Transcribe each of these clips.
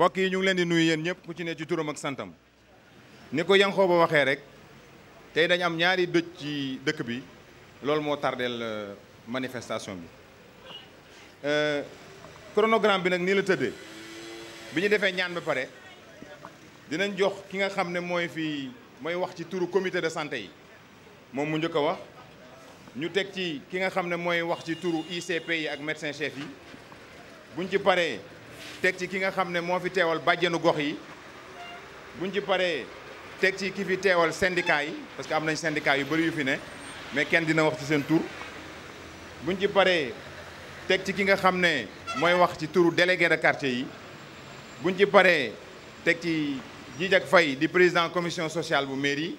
mbokk ñu ngi leen di nuyu yeen ñepp ku ci ne ci turam ak santam ni ko yanxoo ba waxe rek tay dañ am ñaari dëj ci dëkk bi lool mo tardel euh, manifestation bi euh, chronogramme bi nak ni la tëddee biñu défé ñaan ba pare dinañ jox ki nga xamné moy fi moy wax ci turu comité de santé yi mom mu njëkk wax ñu teg ci ki nga xamné moy wax ci turu ICP yi ak médecin chef yi buñ ci paré teg ci ki nga xamne mo fi teewal bàjjenu gox yi buñ ci paree teg ci ki fi syndicat yi parce que am nañ syndicat yu bari yu fi ne mais kèn dina wax ci sen tour buñ ci paree teg ci ki nga xamne moy wax ci touru délégué de quartier yi buñ ci paree Fay, ci Jijak di président commission sociale bu mairie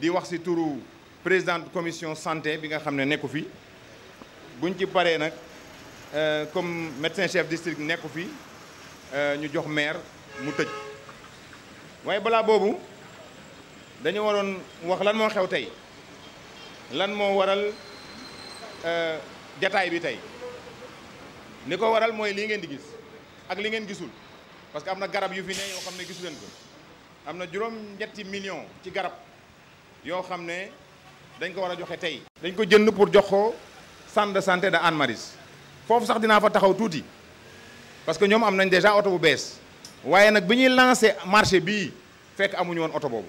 di wax ci turu président commission santé bi nga xamne ne fi buñ ci nak euh comme médecin chef district nekku fi Euh, ñu jox maire mu tejj waye bala bobu dañu waron wax lan mo xew tay lan mo waral euh, jataay bi tay niko waral moy li ngeen di gis ak li ngeen gisul parce que amna garab yu fi ne yo xamne gisulen ko amna na ñetti million ci garab yo xamne dañ ko wara joxe tay dañ ko jënd pour joxo centre de santé de Hann Maristes sax dina fa taxaw touti parce que ñoom am déjà auto bu bees waaye nag bi ñuy marché bii fekk amuñu woon oto boobu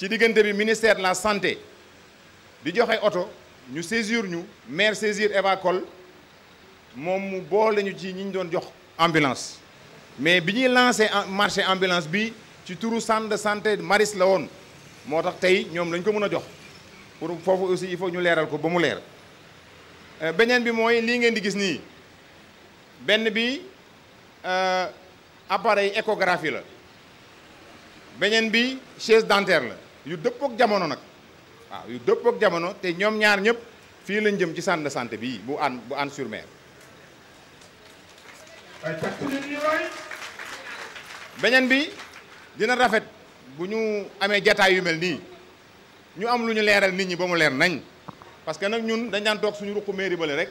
ci diggante bi ministère de la santé di joxe oto ñu saisir ñu maire saisir Eva Coll moom mu boole ñu ci ñi ñu doon jox ambulance mais bi ñuy marché ambulance bi ci turu centre de santé Maris la woon moo tax tey ñoom lañ ko mën jox pour foofu aussi il faut ñu léral ko ba mu leer euh, benen bi moy li ngeen di gis ni benn bi Euh, appareil échographie la beneen bi chaise dentaire la yu dëppook jamono nag waaw yu dëppook jamono te ñoom ñaar ñëpp fii lañ jëm ci centre de santé bii bu Hann bu Hann sur Mer beneen bi dina rafet bu ñu amee jataay yu mel nii ñu am lu ñu leeral nit ñi ba mu leer nañ parce que nag ñun dañ daan toog suñu ruqu mairie bale rek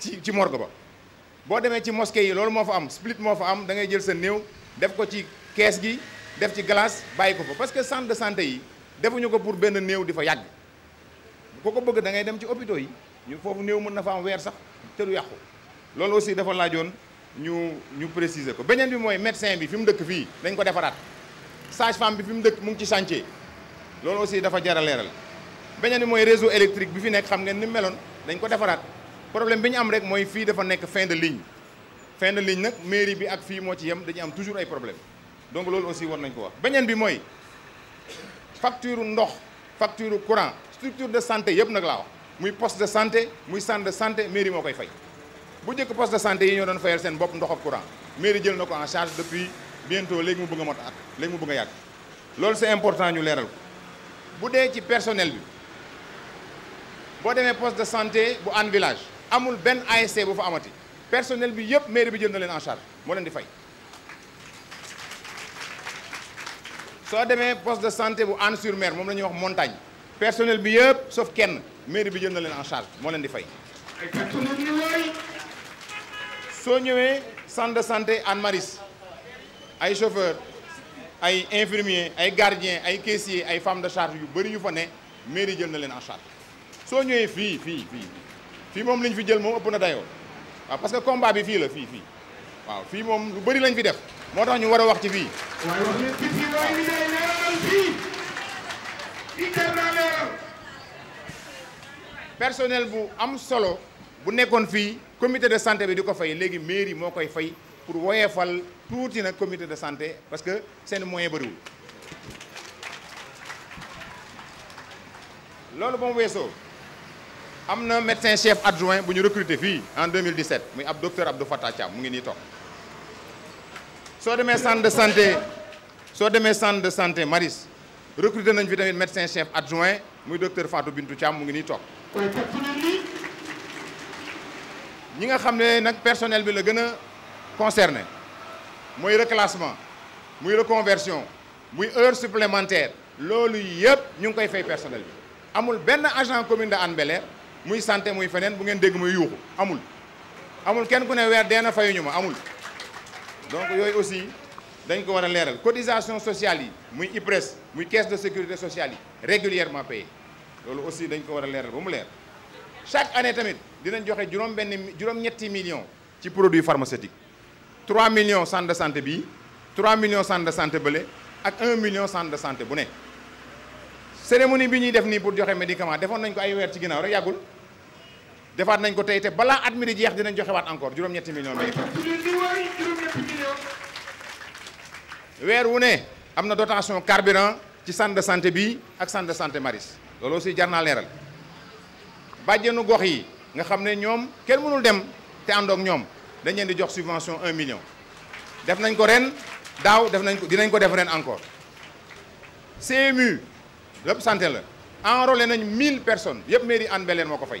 ci ci morgue ba bo démé ci mosquée yi loolu mo fa am split mo fa am da ngay jël sa néew def ko ci caisse gi def ci glace bayiko fa parce que centre de santé yi defuñu ko pour ben néew di fa ko ko bëgg da ngay dem ci hôpitaux yi ñu fofu néew mëna fa am wër sax te du yàqu loolu aussi dafa joon ñu ñu préciser ko benen bi moy médecin bi fi dëkk fi dañ ko défarat sage femme bi fi dëkk mu ngi ci chantier loolu aussi dafa jara a benen bi moy réseau électrique bi fi nek xam ngeen ni melone dañ ko défarat problème bi ñu am rek mooy fii dafa nekk fin de ligne fin de ligne nag mairie bi ak fii moo ci yem dañu am toujours ay problème donc loolu aussi war nañ ko wax beneen bi mooy facture ndox facture courant structure de santé yëpp nag laa wax muy poste de santé muy centre de santé mairie moo koy fay bu njëkk poste de santé yi ñoo doon fayal seen bopp ndox ak courant mairie jël na ko en charge depuis bientôt léegi mu bëgg a mot ak léegi mu bëgg a yàgg loolu c'est important ñu leeral dee ci personnel bi boo demee poste de santé bu Hann amul Ben ASC bu fa amati personnel bi yëpp maire bi jël na leen en charge moo leen di fay. soo demee poste de santé bu Anne sur Mer moom la wax montagne personnel bi yëpp sauf kenn maire bi jël na leen en charge moo leen di fay. soo ñëwee centre de santé Anne Maris ay chauffeur ay infirmier ay gardien ay caissier ay femme de charge yu bëri yu fa ne mairie jël na leen en charge soo ñëwee fii fii fii fii moom li fi jël mom ëpp na dayo wa parce que combat bi fi la fi fi wa fi mom lu bari lañ fi def moo tax ñu wara wax ci fi waaye wax leen ci fii mooy li ngay leeral fii fii personnel bu am solo bu nekkon fi comité de santé bi diko fay légui mairie mo koy fay pour woyefal tuuti nag comité de santé parce que seen moyen bari loolu lolu mu wesso a un médecin chef adjoint bu ñu recruter en 2017 muy un docteur Abdou Fattah Thiam mu ngi de santé de demee centre de santé Maris médecin chef adjoint le docteur Fatou Bintou Thiam mu ngi personnel bi la y concerné muy reclassement muy reconversion muy heure supplémentaire tout ñu personnel bi amul un agent commune de Anne muy santé muy fenen bu ngeen dégg muy yuuxu amul amul kenn ku ne weer dee na fayuñu amul donc yooyu aussi dañ ko war a leeral cotisation sociale yi muy IPRES muy caisse de sécurité sociale yi régulièrement payé loolu aussi dañ ko war a leeral ba mu leer chaque année tamit dinañ joxe juróom benn juróom-ñetti millions ci produit pharmaceutique 3 millions centre de santé bii 3 millions centre de santé bële ak 1 million centre de santé bu ne cérémonie bi ñuy def nii pour joxe médicament defoon nañ ko ay weer ci ginnaaw rek yàggul defaat nañ ko tey te balaa at mi di jeex dinañ joxé wat encore juroom ñetti millions bi weer wu ne am dotation carburant ci centre de santé bi ak centre de santé maris loolu aussi jar naa leeral gox yi nga xamné ñom ñoom mënul dem té andok ñom dañ leen di jox subvention 1 million def nañ ko ren daw def nañ ko dinañ ko def ren encore CMU lepp santé la enrôlé nañ 1000 personnes yépp mairie Hann Bel-Air fay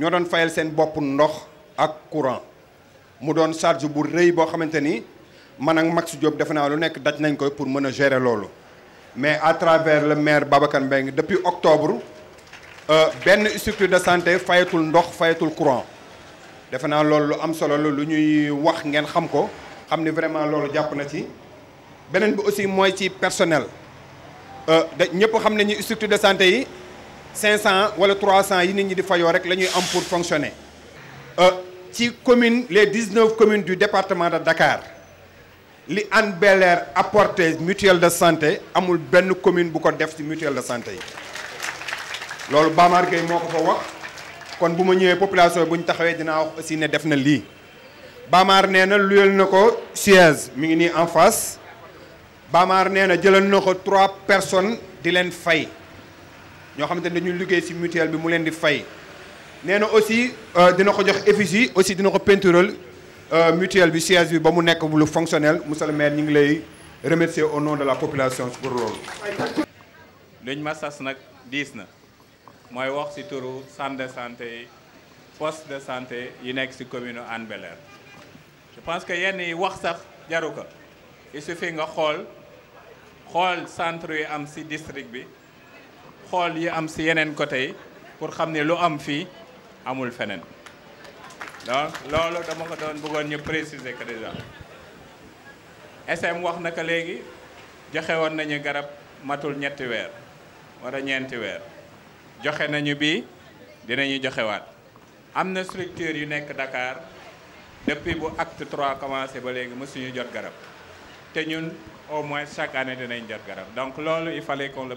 ñoo doon fayal seen bopp ndox ak courant mu doon charge bu rëy boo xamante ni man ak Max Diop defe naa lu nekk daj nañ ko pour mën a gérer loolu mais à travers le maire Babacar Mbengue depuis octobre euh, benn structure de santé fayatul ndox fayatul courant defe naa loolu lu am solo la lu ñuy wax ngeen xam ko xam vraiment loolu jàpp na ci beneen bi aussi mooy ci personnel euh, da ñëpp xam nañu structure de santé yi 500 wala 300 yi nit ñi di fayoo rek la ñuy am pour fonctionner euh, ci commune les 19 communes du département de Dakar li Hann bel apporté mutuelle de santé amul benn commune bu ko def ci mutuelle de santé yi loolu Bamar Gueye moo ko fa wax kon bu ma ñëwee population bu ñu taxawee dinaa wax aussi ne def na lii Bamar nee na luyal na ko siège mi ngi nii en face Bamar nee na jëlal na ko trois personnes di leen fay ñoo xamante ne dañuy liggéey si mutuel bi mu leen di fay nee na aussi euh, dina ko jox effigie aussi dina ko peintural euh, mutuel bi siège bi ba mu nekk lu fonctionnel monsieur le maire ñu lay remercier au nom de la population pour loolu. luñ ma sas nag diis na mooy wax si turu centre de santé poste de santé yi nekk si commune Hann bel je pense que yenn yi wax sax jaru ko il suffit nga xool xool centre yi am si district bi. xool yi am si yeneen côté yi pour xam ne lu am fii amul feneen donc loolu dama ko doon bëggoon ñu préciser que déjà SM wax naka léegi joxe woon nañu garab matul ñetti weer wala ñeenti weer joxe nañu bii dinañu joxewaat am na structure yu nekk dakaar depuis bu acte trois commencé ba léegi mësuñu jot garab te ñun au moins chaque année dinañ jot garab donc loolu il fallait qu'on le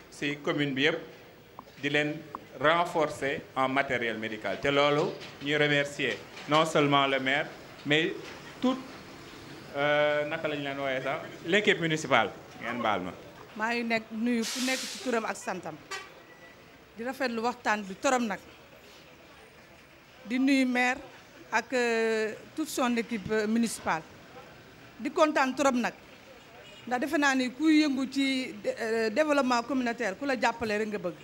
ci commune bi yëpp di renforcer en matériel médical té lolu ñuy remercier non seulement le maire mais tout euh, naka lañ leen woyé sax l'équipe municipale ngeen baal ma. ngi nek nuyu ku nek ci turam ak santam di lu waxtaan bi torom nak di nuyu maire ak euh, toute son équipe euh, municipale di contane torom nak ndax defe naa ni ku yëngu ci euh, développement communautaire ku la jàppale rek nga bëgg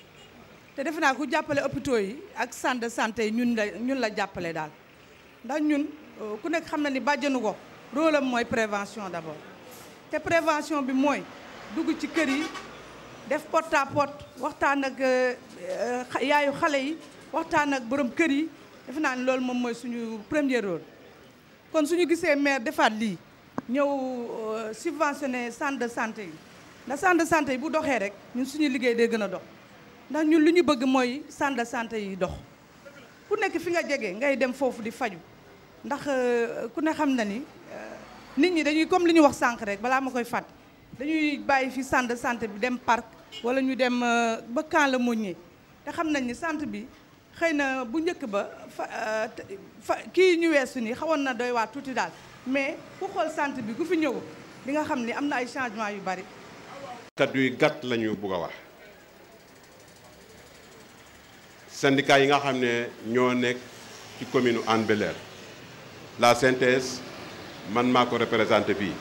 te defe naa ku jàppale hôpitaux yi ak centre de santé yi ñun la ñun la jàppale daal ndax ñun euh, ku nekk xam na ni bàjjenu ko rôle am mooy prévention d'abord te prévention bi mooy dugg ci kër yi def porte à porte waxtaan ak euh, yaayu xale yi waxtaan ak borom kër yi defe naa ni loolu moom mooy suñu premier rôle kon suñu gisee maire defaat lii ñëw euh, subventionné centre de santé yi ndax centre sante yi bu doxee rek ñun suñu liggéey day gën a dox ndax ñun li ñu bëgg mooy centre de santé yi dox ku nekk fi nga jege ngay dem foofu di faju ndax euh, ku ne xam na ni euh, nit ñi dañuy comme li ñu wax sànq rek balaa ma koy fàtt dañuy bàyyi fi centre de santé bi dem parc wala ñu dem ba camp la moññee te xam nañ ni centre bi xeyna bu ñëk ba euh, ki ñu weesu nii xawoon na doy waa tuti dal mais ku xol centre bi ku fi ñëw li nga xam amna ay changement yu bari. kaddu yu gàtt la ñu wax syndicat yi nga xam ne ñoo nekk ci commune Hann Bel-Air la CNTS man maa ko représenté fii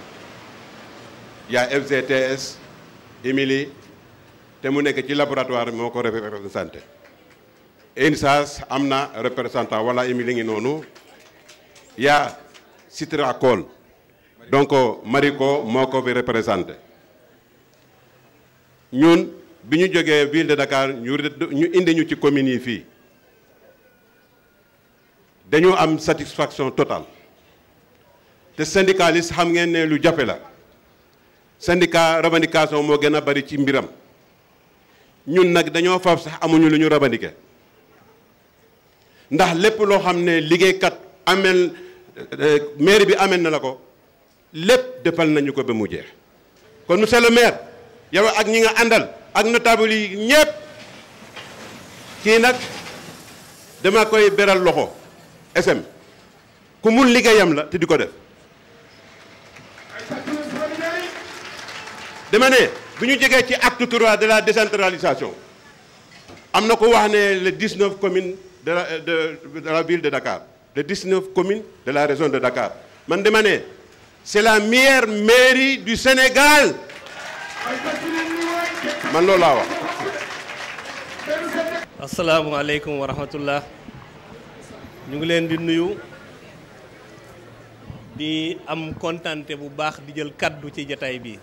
yaa FGTS Émilie te mu nek ci laboratoire moko ko représenté INSAS am na représentant wala li ngi noonu yaa Citra Call donc Mariko moo ko fi représenté ñun bi ñu jógee ville de Dakar ñu ñu indi ñu ci communes yi fii dañu am satisfaction total te syndicaliste xam ngeen ne lu jafe la syndicat revendication moo gën a bari ci mbiram ñun nag dañoo faaf sax amuñu lu ñu revendiquer ndax lépp loo xam ne liggéeykat amel euh, maire bi amel na la ko lépp defal nañu ko ba mu jeex kon nu le maire yow ak ñi nga àndal ak notable yi ñëpp kii nag dama koy beral loxo SM ku mun liggéeyam la te di ko def dama ne bu ñu jegee ci acte trois de la décentralisation am na ko wax ne les dix-neuf de la, de, de la ville de Dakar, de 19 communes de la région de Dakar. Mandemane, c'est la meilleure mairie du Sénégal. Manlolawa. Assalamu alaikum wa rahmatullah. Nous sommes di am contenté bu baax di jël cadeau ci jataay bi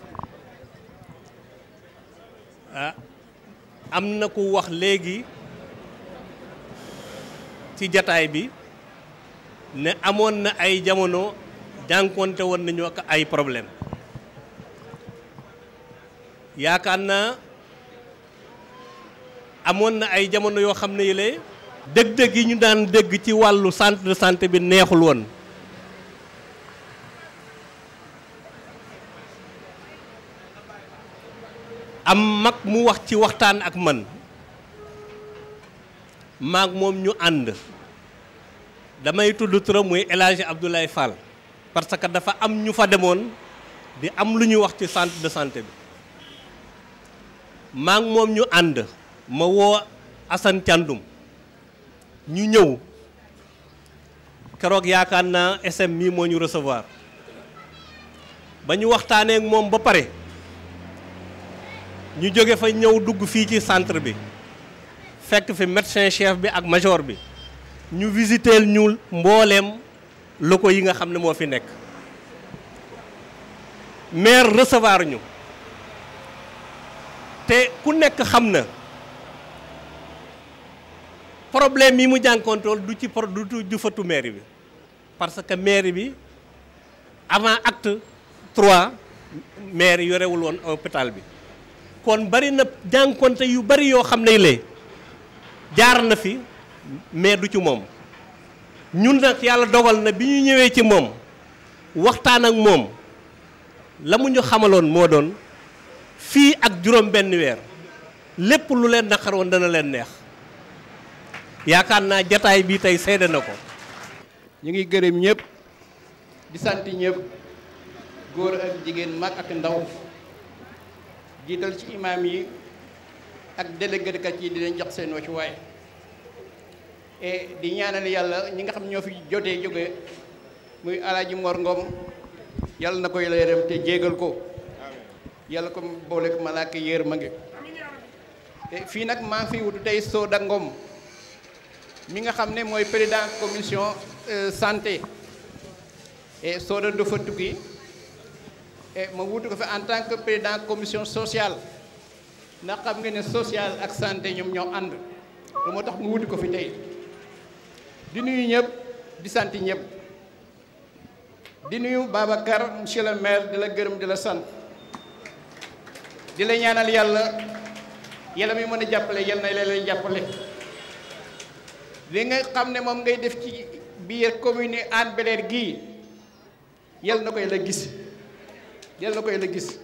ah am na ku wax légui ci jataay bi ne amoon na ay jamono jànkonte woon nañu ak ay problème yaakaar naa amoon na ay jamono yoo xam ne yi lay dëgg-dëgg yi ñu daan dégg ci wàllu sant de santé bi neexul woon am mag mu wax ci waxtaan ak man maag moom ñu ànd damay tudd turam muy El Hadj Abdoulaye Fall parce que dafa am ñu fa demoon bi am lu ñu wax ci centre de santé bi maag moom ñu ànd ma woo Assane Thiandoum ñu ñëw keroog yaakaar naa SM mii moo ñu recevoir ba ñu waxtaaneek moom ba pare ñu jóge fa ñëw dugg fii ci centre bi fekk fi médecin chef bi ak major bi ñu visiteel ñuul mbooleem locaux yi nga xam ne moo fi nekk maire recevoir ñu te ku nekk xam na problème yi mu jànkoontool du ci pro du jufatu mairie bi parce que mairie bi avant acte trois maire yorewul woon hôpital bi kon bari na jànkoonte yu bari yoo xam ne lee jaar na fi mais du ci mom ñun nak yalla dogal na biñu ñëwé ci mom waxtaan ak mom lamu ñu xamalon mo doon fi ak juroom benn wër lepp lu leen nakar won dana leen neex yaakaar naa jataay bi tey seede na ko ñu ngi gërëm ñëpp di sant ñëpp góor ak jigéen mag ak ndaw jiital ci imaam yi ak déléguékat yi di leen jox seen ci waaye di ñaanal yàlla ñi nga xam ñoo fi jotee jóge muy alaaji Mor Ngom yàlla na ko leeram te jéegal ko yàlla ko booleek malaaka yéer ma ngi fii nag maa fi wutu tey Soda Ngom mi nga xam ne mooy président commission euh, santé et Soda dafa tukki et ma wutu ko fi en tant que président commission sociale na xam nga ne social ak santé ñom ñoo and lu mo tax mu wuti ko fi tay di nuyu ñep di sant ñep di nuyu babakar monsieur le maire di la gërëm di la sant di la ñaanal yalla yalla mi mëna jappalé yalla nay lay lay jappalé li nga xam ne mom ngay def ci biir commune an bel gi yalla nakoy la gis yalla nakoy la gis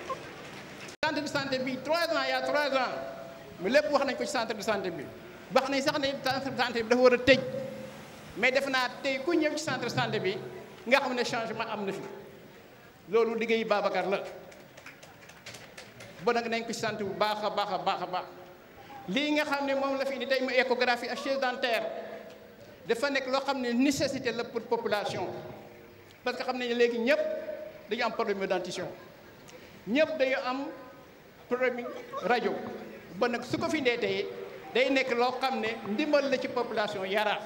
centre de santé bi trois ans y a trois ans mu lépp wax nañ ko ci centre santé bi wax nañ sax ne centre de santé bi dafa war a tëj mais def naa tey ku ñëw ci centre santé bi nga xam ne changement am na fi loolu liggéeyu Babacar la bon nag nañ ko ci sant bu baax a baax a baax a baax lii nga xam ne moom la fi indi tey mu échographie ak chaise dentaire dafa nekk loo xam ne nécessité la pour population parce que xam ne léegi ñëpp dañu am problème de dentition ñëpp dañu am programme rajo ba nag su ko fi ndeetee day nekk loo xam ne ndimbal la ci population yaraax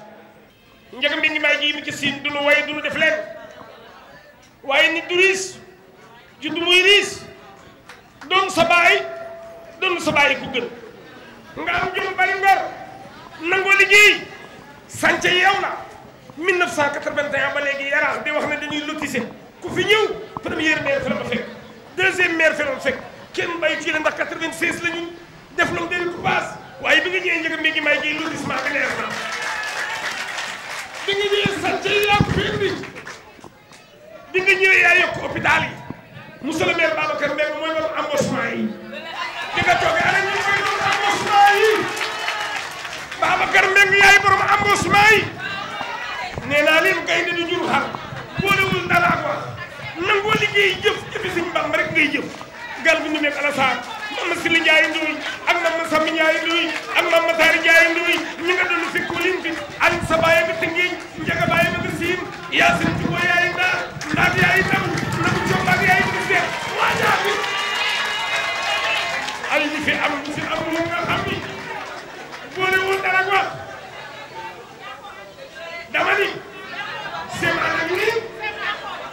njëkk mbi ngi may ji mi ci siin du nu way du nu def leen waaye nit du riis juddu muy riis doon sa baay doon sa baay ku gën nga am jom bari ngor nangoo liggéey sànce yeew na 1981 ba léegi yaraax di wax ne dañuy lotisé ku fi ñëw première maire fi fekk cen bàyyi ci la ndax 96 la ñu def loolu dañu ko paas waaye bi nga ñëwee njëkk mi ngi may gi lotissement bi leer na bi nga ñëwee santé yaa ko fi indi bi nga ñëwee yaa yokk le maire Babacar Mbengue mooy loolu embauchement nga toogee ana ñu mooy loolu embauchement yi Babacar Mbengue yaay borom embauchement yi nee naa leen liggéey jëf jëfi Sëñ Bamba rek ngay jëf garbu ndumbeeg alasaar mama sili Njaay Nduy ak mama Sami Njaay Nduy ak mama Taari Njaay Nduy ñi nga dund si kulim bi ali sa baye ba tëngiñ njaga baye ba siin yaasin jubo yaay ndaa ndaat yaay ndaw nagu combaak yaay ndise waajaa bi ay ñi fi am si am lu nga xam ni boole woon dara wax dama ni seen ànd ak nii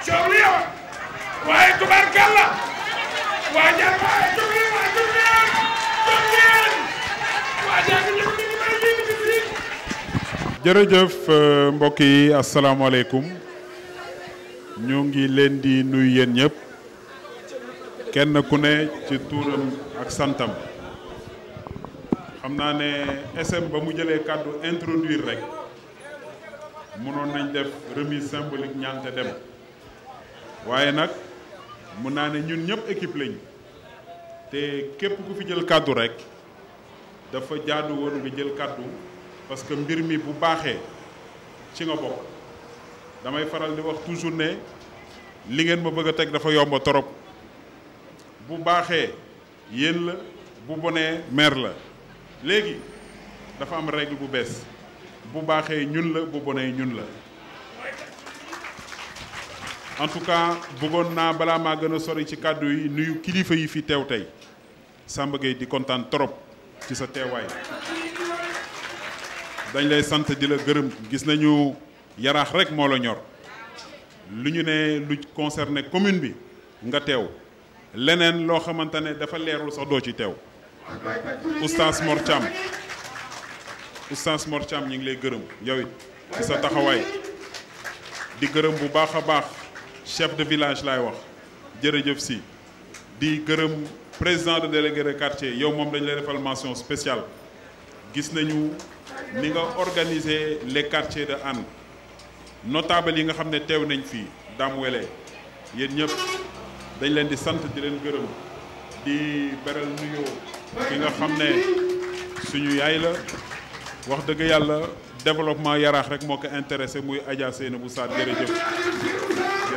coow li yow waaye tubaarkàlla jërëjëf euh, mbokk yi asalaamaaleykum ñu ngi leen di nuyu yéen ñëpp kenn ku ne ci tuuram ak santam xam naa ne SM ba mu jëlee kàddu introduir rek mënoon nañ def remise symbolique ñaante dem waaye nag mun naa ne ñun ñëpp équipe lañ te képp ku fi jël kàddu rek dafa jaadu woon nga jël kàddu parce que mbir mi bu baaxee ci nga bokk damay faral di wax toujours ne li ngeen ma bëgg a teg dafa yomba torop bu baaxee yéen la bu bonee maire la léegi dafa am règle bu bees bu baaxee ñun la bu bonee ñun la en tout cas bëggoon naa balaa maa gën a sori ci kàddu yi nuyu kilifa yi fi teew tey Samba Gueye di kontaan trop ci sa teewaay dañ lay sant di la gërëm gis nañu yaraax rek moo la ñor lu ñu ne lu concerné commune bi nga teew leneen loo xamante ne dafa leerul sax doo ci teew oustaz Mor Thiam oustaz Mor Thiam ñu ngi lay gërëm yow ci sa taxawaay di gërëm bu baax a baax chef de village le wax si président de délégué de quartier yow mom fait lay spéciale gis nañu ni les quartiers de Anne. notables yi nga xamné ne nañ fi dam wélé yeen ñëpp dañ leen di sante di leen di nuyo ki nga xamné suñu yaay la wax développement yaraax rek intéressé muy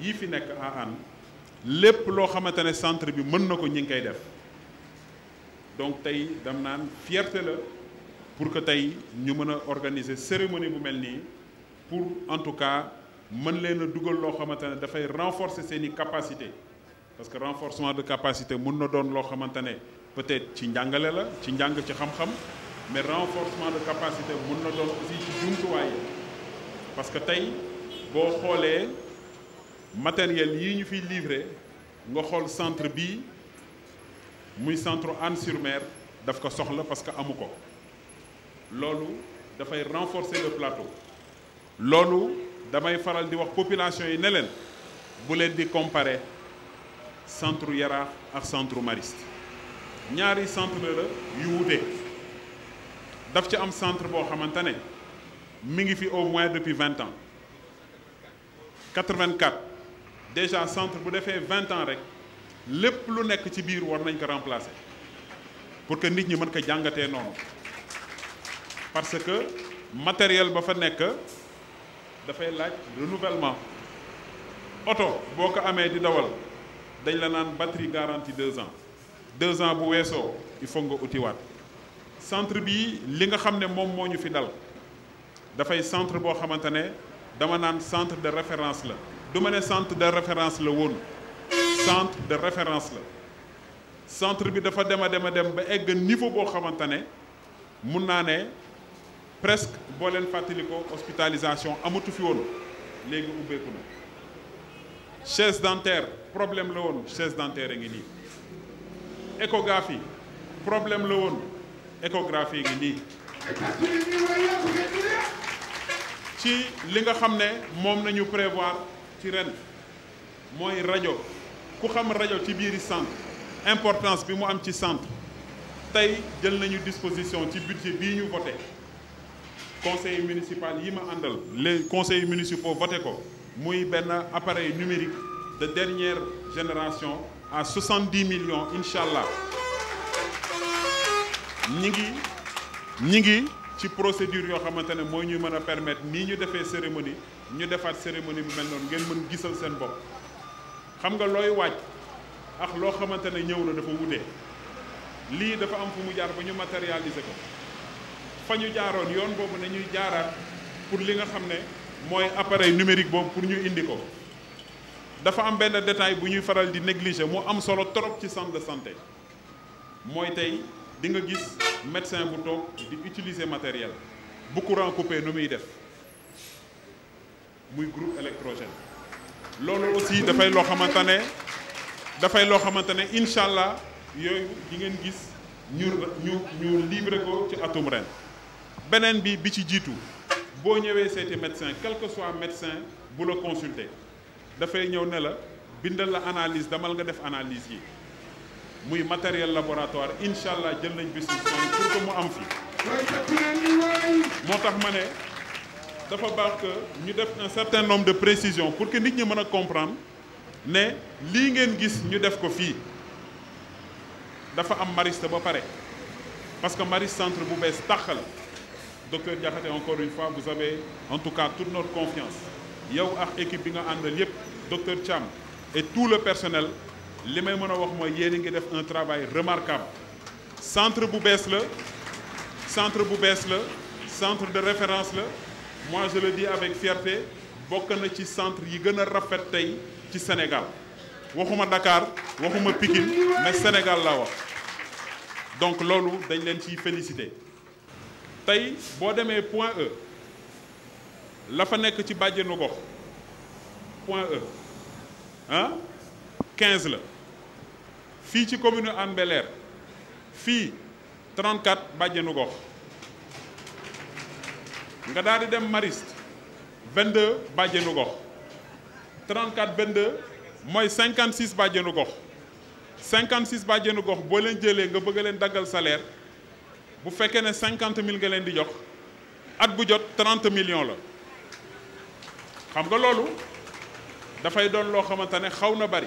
yifi nek nekk à lepp lo loo centre bi meun nako ñing koy def donc tay dam naan fierté la pour que tay ñu mën organiser cérémonie bu melni pour en tout cas meun leena duggal lo loo da fay renforcer seen capacité parce que renforcement de capacité meun na doon lo xamante peut-être ci njangalé la ci njang ci xam-xam mais renforcement de capacité meun na doon aussi ci way parce que tay bo xolé matériel yi ñu fi livré nga xol centre bi muy centre Anne sur Mer daf ko soxla parce que amuko lolu da fay renforcer le plateau lolu damay faral di wax population yi ne len bu len di comparer centre Yara ak centre Mariste ñaari centre la yu wuté daf ci am centre bo xamantane mi ngi fi au moins depuis 20 ans 84 déjà centre bu fait 20 ans rek plus lu tu ci biir pour que nit ñi parce que matériel ba fa da le renouvellement Auto, di la batterie garantie deux ans 2 ans bu il faut nga centre bi li nga xamné mom moñu fi centre bo centre de référence Domaine centre de référence la woon centre de référence la centre bi dafa dem a dem dem ba egg niveau bo xamantane ne mun presque boo leen hospitalisation amatu fi woon léegi ubbeeku na chaise dentaire problème la woon chaise dentaire ngi ni échographie problème la woon échographie ngi ni ci li nga xamné ne nañu prévoir ci ren mooy rajo ku xam rajo ci biiri centre importance bi mu am ci centre tey jël nañu disposition ci budget bii ñu voté conseil municipal y ma àndal les conseils municipaux voté ko muy ben appareil numérique de dernière génération à 70 millions inshallah. Nigi, ñi ngi ñi ngi ci procédure yo xamantene moy ñuy mëna permettre ni ñu défé cérémonie ñu défat cérémonie bu mel non ngeen mën gissal seen bopp xam nga loy wacc ak lo xamantene ñew ñëw na dafa wutee li dafa am fu mu jaar ba ñu matérialiser ko fa ñu jaaroon yoon boobu nañuy jaaraat pour li nga xamné moy appareil numérique boobu pour ñu indi ko dafa am benn détail bu ñuy faral di négliger mo am solo trop ci centre de santé moy tay di nga gis médecin bu toog di utiliser matériel bu courant coupé nu muy def muy groupe électrogène loolu aussi dafay loo xamante ne dafay loo xamante ne incha allah yooyu di ngeen gis ñu ñu ñu libre ko ci atum ren beneen bi bi ci jiitu boo ñëwee seeti médecin quel que soit médecin bu le consulter dafay ñëw ne la bindal la analyse damal nga def analyse yi muy matériel laboratoire inshallah jël nañ décision pour que mu am fi motax mané dafa baax que ñu def un certain nombre de précisions pour que nit ñi mëna comprendre né li ngeen gis ñu def ko fi dafa am mariste ba paré parce que Maris centre bu bees tàq docteur Diakhaté encore une fois vous avez en tout cas toute notre confiance yow ak équipe bi nga andal yépp docteur Tcham et tout le personnel li may mën a wax mooy yéen ngi def un travail remarquable centre bu la centre bu la centre de référence la moi je le dis avec fierté bokk na ci centre yi gën a rafet tey ci Sénégal waxuma Dakar waxuma Pikine mais Sénégal laa wax donc loolu dañ leen ciy félicité tey boo demee point E la fa nekk ci bàjjenu gox point E Hein? 15 la fi ci commune Hann bel 34 badjenu gox nga daal dem Mariste 22 badjenu gox 34 22 moy 56 badjenu gox 56 badjenu gox bo len jëlee nga bëgg len daggal salaire bu 50 000 nga len di jox at bu jot 30 millions la xam nga loolu dafay doon loo xamante ne bari.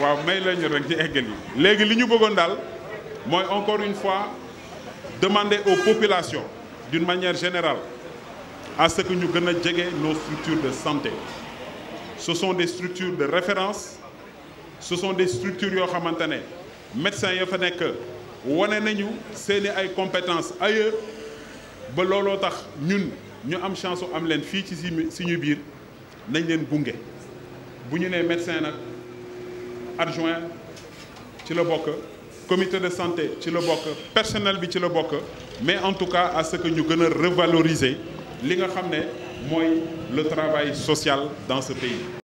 waaw may la ñu rek ñu eggal yi léegi bëggoon encore une fois demander aux populations d'une manière générale à ce que ñu gën a nos structures de santé ce sont des structures de référence ce sont des structures yoo xamante ne médecins ya fa nekk wane nañu seeni ay compétences ailleurs ba looloo tax ñun ñu am chance am leen fii ci suñu biir nañ leen gunge bu ñu nee médecin nag adjoint comité de santé personnel mais en tout cas à ce que nous puissions revaloriser li nga xamné le travail social dans ce pays